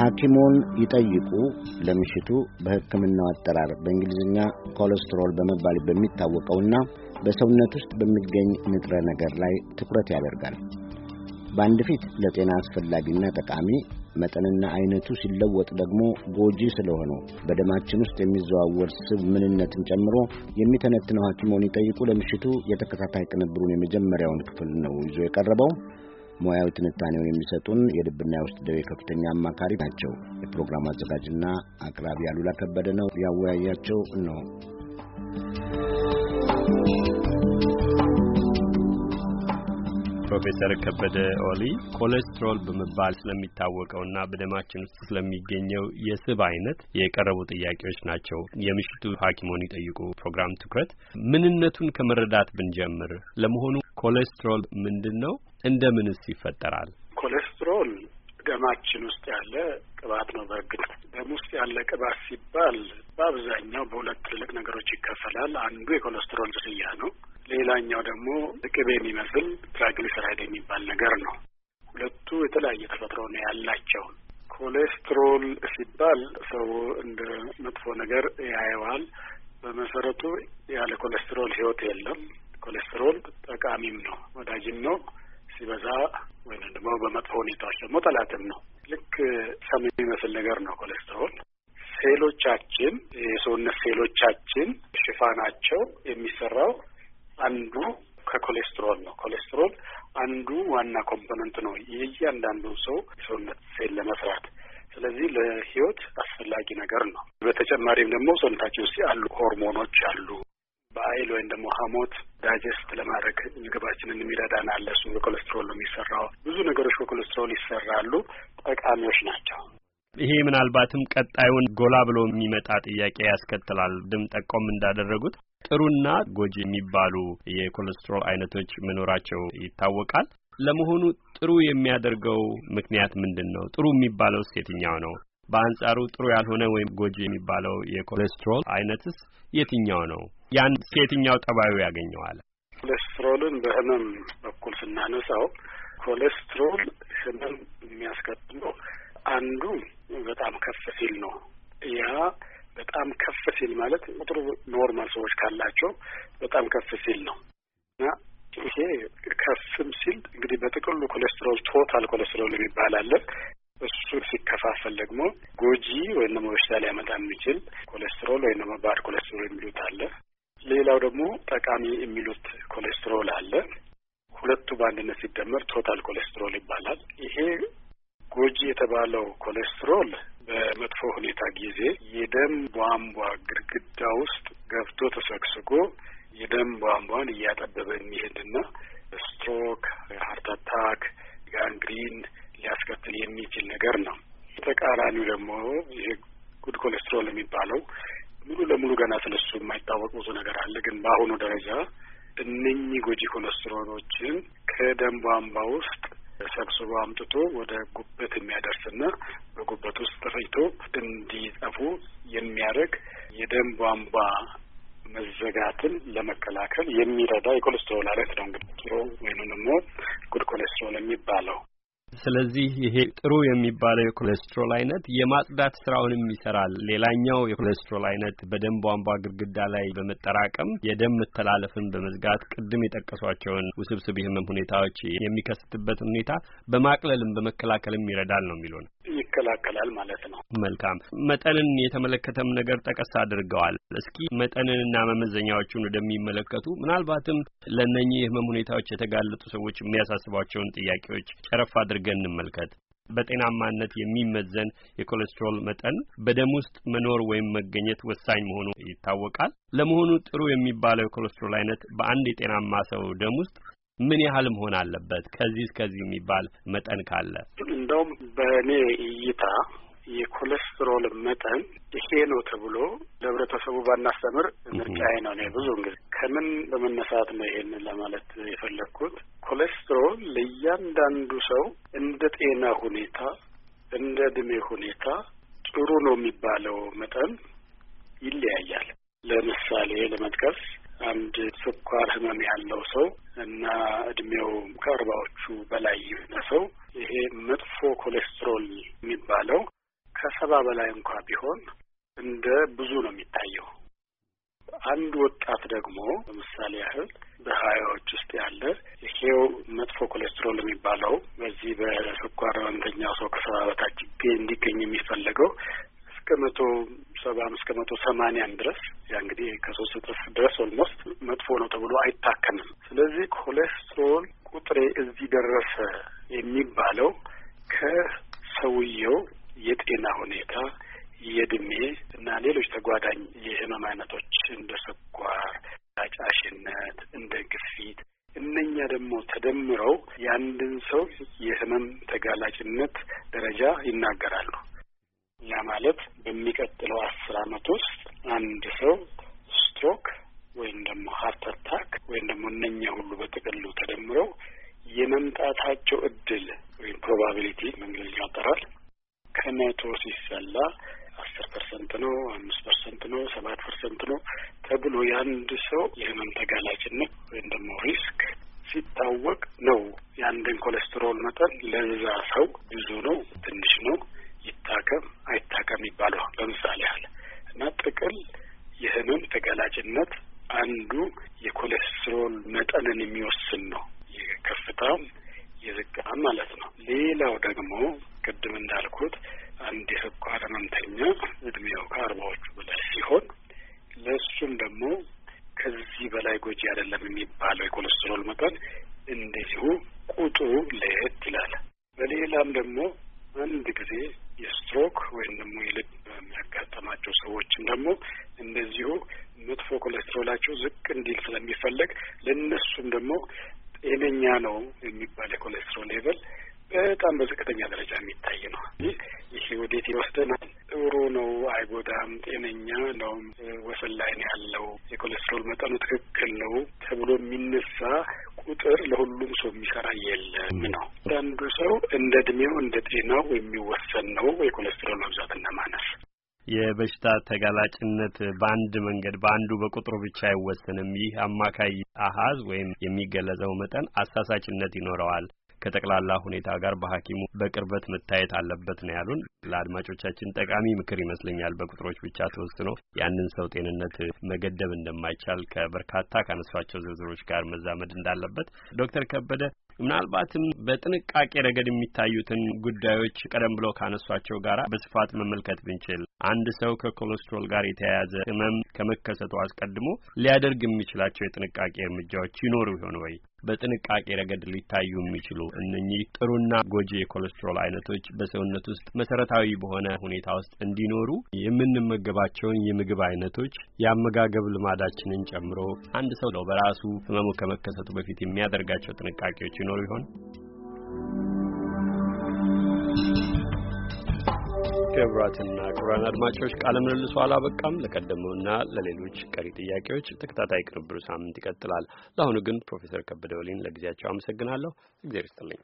ሐኪሞን ይጠይቁ ለምሽቱ በሕክምናው አጠራር በእንግሊዝኛ ኮሌስትሮል በመባል በሚታወቀውና በሰውነት ውስጥ በሚገኝ ንጥረ ነገር ላይ ትኩረት ያደርጋል። በአንድ ፊት ለጤና አስፈላጊና ጠቃሚ መጠንና አይነቱ ሲለወጥ ደግሞ ጎጂ ስለሆነው በደማችን ውስጥ የሚዘዋወር ስብ ምንነትን ጨምሮ የሚተነትነው ሐኪሞን ይጠይቁ ለምሽቱ የተከታታይ ቅንብሩን የመጀመሪያውን ክፍል ነው ይዞ የቀረበው። ሙያዊ ትንታኔውን የሚሰጡን የልብና የውስጥ ደዌ ከፍተኛ አማካሪ ናቸው። የፕሮግራሙ አዘጋጅና አቅራቢ አሉላ ከበደ ነው ያወያያቸው ነው። ፕሮፌሰር ከበደ ኦሊ ኮሌስትሮል በመባል ስለሚታወቀውና በደማችን ውስጥ ስለሚገኘው የስብ አይነት የቀረቡ ጥያቄዎች ናቸው። የምሽቱ ሐኪሞን ይጠይቁ ፕሮግራም ትኩረት ምንነቱን ከመረዳት ብንጀምር፣ ለመሆኑ ኮሌስትሮል ምንድን ነው? እንደምንስ ይፈጠራል? ኮሌስትሮል ደማችን ውስጥ ያለ ቅባት ነው። በእርግጥ ደም ውስጥ ያለ ቅባት ሲባል በአብዛኛው በሁለት ትልቅ ነገሮች ይከፈላል። አንዱ የኮሌስትሮል ዝርያ ነው። ሌላኛው ደግሞ ቅቤ የሚመስል ትራይግሊሰራይድ የሚባል ነገር ነው። ሁለቱ የተለያየ ተፈጥሮ ነው ያላቸው። ኮሌስትሮል ሲባል ሰው እንደ መጥፎ ነገር ያየዋል። በመሰረቱ ያለ ኮሌስትሮል ህይወት የለም። ኮሌስትሮል ጠቃሚም ነው፣ ወዳጅም ነው። ሲበዛ ወይም ደግሞ በመጥፎ ሁኔታዎች ደግሞ ጠላትም ነው። ልክ ሰም የሚመስል ነገር ነው ኮሌስትሮል። ሴሎቻችን የሰውነት ሴሎቻችን ሽፋናቸው የሚሰራው አንዱ ከኮሌስትሮል ነው። ኮሌስትሮል አንዱ ዋና ኮምፖነንት ነው የእያንዳንዱ ሰው ሰውነት ሴል ለመስራት ስለዚህ ለህይወት አስፈላጊ ነገር ነው። በተጨማሪም ደግሞ ሰውነታችን ውስጥ ያሉ ሆርሞኖች አሉ። በአይል ወይም ደግሞ ሀሞት ዳይጀስት ለማድረግ ምግባችንን የሚረዳን አለ። እሱ በኮሌስትሮል ነው የሚሰራው። ብዙ ነገሮች በኮሌስትሮል ይሰራሉ፣ ጠቃሚዎች ናቸው። ይሄ ምናልባትም ቀጣዩን ጎላ ብሎ የሚመጣ ጥያቄ ያስከትላል። ድም ጠቆም እንዳደረጉት ጥሩና ጎጂ የሚባሉ የኮሌስትሮል አይነቶች መኖራቸው ይታወቃል። ለመሆኑ ጥሩ የሚያደርገው ምክንያት ምንድን ነው? ጥሩ የሚባለው የትኛው ነው? በአንጻሩ ጥሩ ያልሆነ ወይም ጎጂ የሚባለው የኮሌስትሮል አይነትስ የትኛው ነው? ያን ሴትኛው ጠባዩ ያገኘዋል? ኮሌስትሮልን በህመም በኩል ስናነሳው ኮሌስትሮል ህመም የሚያስከትለው አንዱ በጣም ከፍ ሲል ነው። ማለት ቁጥሩ ኖርማል ሰዎች ካላቸው በጣም ከፍ ሲል ነው እና ይሄ ከፍም ሲል እንግዲህ በጥቅሉ ኮሌስትሮል ቶታል ኮሌስትሮል የሚባል አለ። እሱ ሲከፋፈል ደግሞ ጎጂ ወይም ደግሞ በሽታ ሊያመጣ የሚችል ኮሌስትሮል ወይም ደግሞ ባድ ኮሌስትሮል የሚሉት አለ። ሌላው ደግሞ ጠቃሚ የሚሉት ኮሌስትሮል አለ። ሁለቱ በአንድነት ሲደመር ቶታል ኮሌስትሮል ይባላል። ይሄ ጎጂ የተባለው ኮሌስትሮል በመጥፎ ሁኔታ ጊዜ የደም ቧንቧ ግድግዳ ውስጥ ገብቶ ተሰግስጎ የደም ቧንቧን እያጠበበ የሚሄድና ስትሮክ፣ ሀርት አታክ፣ ጋንግሪን ሊያስከትል የሚችል ነገር ነው። ተቃራኒው ደግሞ ይሄ ጉድ ኮሌስትሮል የሚባለው ሙሉ ለሙሉ ገና ስለሱ የማይታወቅ ብዙ ነገር አለ። ግን በአሁኑ ደረጃ እነኚህ ጎጂ ኮሌስትሮሎችን ከደም ቧንቧ ውስጥ ሰብስቦ አምጥቶ ወደ ጉበት የሚያደርስና በጉበት ውስጥ ተፈጭቶ እንዲጠፉ የሚያደርግ የደም ቧንቧ መዘጋትን ለመከላከል የሚረዳ የኮሌስትሮል አይነት ነው። እንግዲህ ጥሩ ወይም ደግሞ ጉድ ኮሌስትሮል የሚባለው ስለዚህ ይሄ ጥሩ የሚባለው የኮሌስትሮል አይነት የማጽዳት ስራውንም ይሰራል። ሌላኛው የኮሌስትሮል አይነት በደም ቧንቧ ግድግዳ ላይ በመጠራቀም የደም መተላለፍን በመዝጋት ቅድም የጠቀሷቸውን ውስብስብ የህመም ሁኔታዎች የሚከስትበት ሁኔታ በማቅለልም በመከላከልም ይረዳል ነው የሚሉን። ይከላከላል ማለት ነው። መልካም መጠንን የተመለከተም ነገር ጠቀስ አድርገዋል። እስኪ መጠንንና መመዘኛዎቹን ወደሚመለከቱ ምናልባትም ለእነኚህ የህመም ሁኔታዎች የተጋለጡ ሰዎች የሚያሳስቧቸውን ጥያቄዎች ጨረፍ አድርገ አድርገን እንመልከት። በጤናማነት የሚመዘን የኮሌስትሮል መጠን በደም ውስጥ መኖር ወይም መገኘት ወሳኝ መሆኑ ይታወቃል። ለመሆኑ ጥሩ የሚባለው የኮሌስትሮል አይነት በአንድ የጤናማ ሰው ደም ውስጥ ምን ያህል መሆን አለበት? ከዚህ እስከዚህ የሚባል መጠን ካለ እንደውም በእኔ እይታ የኮሌስትሮል መጠን ይሄ ነው ተብሎ ለህብረተሰቡ ባናስተምር ምርጫዬ ነው። እኔ ብዙውን ጊዜ ከምን በመነሳት ነው ይሄን ለማለት የፈለግኩት፣ ኮሌስትሮል ለእያንዳንዱ ሰው እንደ ጤና ሁኔታ እንደ እድሜ ሁኔታ ጥሩ ነው የሚባለው መጠን ይለያያል። ለምሳሌ ለመጥቀስ አንድ ስኳር ህመም ያለው ሰው እና እድሜው ከአርባዎቹ በላይ የሆነ ሰው ከሰባ በላይ እንኳ ቢሆን እንደ ብዙ ነው የሚታየው። አንድ ወጣት ደግሞ ለምሳሌ ያህል በሀያዎች ውስጥ ያለ ይሄው መጥፎ ኮሌስትሮል የሚባለው በዚህ በስኳር ህመምተኛው ሰው ከሰባ በታች እንዲገኝ የሚፈለገው እስከ መቶ ሰባም እስከ መቶ ሰማንያን ድረስ ያ እንግዲህ ከሶስት እጥፍ ድረስ ኦልሞስት መጥፎ ነው ተብሎ አይታከምም። ስለዚህ ኮሌስትሮል ቁጥሬ እዚህ ደረሰ የሚባለው ከሰውየው የጤና ሁኔታ፣ የእድሜ እና ሌሎች ተጓዳኝ የህመም አይነቶች እንደ ስኳር፣ አጫሽነት፣ እንደ ግፊት እነኛ ደግሞ ተደምረው የአንድን ሰው የህመም ተጋላጭነት ደረጃ ይናገራሉ። ያ ማለት በሚቀጥለው አስር አመት ውስጥ አንድ ሰው ስትሮክ ወይም ደግሞ ሀርት አታክ ወይም ደግሞ እነኛ ሁሉ በጥቅሉ ተደምረው የመምጣታቸው እድል ወይም ፕሮባቢሊቲ በእንግሊዝኛው አጠራር ከመቶ ሲሰላ አስር ፐርሰንት ነው፣ አምስት ፐርሰንት ነው፣ ሰባት ፐርሰንት ነው ተብሎ የአንድ ሰው የህመም ተጋላጭነት ወይም ደግሞ ሪስክ ሲታወቅ ነው የአንድን ኮሌስትሮል መጠን ለዛ ሰው ብዙ ነው፣ ትንሽ ነው፣ ይታከም አይታከም ይባለዋል። ለምሳሌ ያህል እና ጥቅል የህመም ተጋላጭነት ደግሞ ከዚህ በላይ ጎጂ አይደለም የሚባለው የኮሌስትሮል መጠን እንደዚሁ ቁጥሩ ለየት ይላል። በሌላም ደግሞ አንድ ጊዜ የስትሮክ ወይም ደግሞ የልብ የሚያጋጠማቸው ሰዎችም ደግሞ እንደዚሁ መጥፎ ኮሌስትሮላቸው ዝቅ እንዲል ስለሚፈለግ ለእነሱም ደግሞ ጤነኛ ነው የሚባል የኮሌስትሮል ሌቨል በጣም በዝቅተኛ ደረጃ የሚታይ ነው። ይህ ወዴት ይወስደናል? ጥሩ ነው፣ አይጎዳም፣ ጤነኛ እንደውም ወሰን ላይ ነው ያለው፣ የኮሌስትሮል መጠኑ ትክክል ነው ተብሎ የሚነሳ ቁጥር ለሁሉም ሰው የሚሰራ የለም ነው። አንዳንዱ ሰው እንደ እድሜው እንደ ጤናው የሚወሰን ነው የኮሌስትሮል መብዛትና ማነስ የበሽታ ተጋላጭነት በአንድ መንገድ በአንዱ በቁጥሩ ብቻ አይወሰንም። ይህ አማካይ አሀዝ ወይም የሚገለጸው መጠን አሳሳችነት ይኖረዋል። ከጠቅላላ ሁኔታ ጋር በሐኪሙ በቅርበት መታየት አለበት ነው ያሉን። ለአድማጮቻችን ጠቃሚ ምክር ይመስለኛል። በቁጥሮች ብቻ ተወስኖ ያንን ሰው ጤንነት መገደብ እንደማይቻል ከበርካታ ካነሷቸው ዝርዝሮች ጋር መዛመድ እንዳለበት ዶክተር ከበደ ምናልባትም በጥንቃቄ ረገድ የሚታዩትን ጉዳዮች ቀደም ብሎ ካነሷቸው ጋር በስፋት መመልከት ብንችል አንድ ሰው ከኮሌስትሮል ጋር የተያያዘ ህመም ከመከሰቱ አስቀድሞ ሊያደርግ የሚችላቸው የጥንቃቄ እርምጃዎች ይኖሩ ይሆን ወይ? በጥንቃቄ ረገድ ሊታዩ የሚችሉ እነኚህ ጥሩና ጎጂ የኮሌስትሮል አይነቶች በሰውነት ውስጥ መሰረታዊ በሆነ ሁኔታ ውስጥ እንዲኖሩ የምንመገባቸውን የምግብ አይነቶች የአመጋገብ ልማዳችንን ጨምሮ አንድ ሰው ነው በራሱ ህመሙ ከመከሰቱ በፊት የሚያደርጋቸው ጥንቃቄዎች ይኖሩ ይሆን? ክቡራትና ክቡራን አድማጮች ቃለ ምልልሱ አላበቃም። ለቀደመውና ለሌሎች ቀሪ ጥያቄዎች ተከታታይ ቅንብሩ ሳምንት ይቀጥላል። ለአሁኑ ግን ፕሮፌሰር ከበደ ወሊን ለጊዜያቸው አመሰግናለሁ። እግዜር ይስጥልኝ።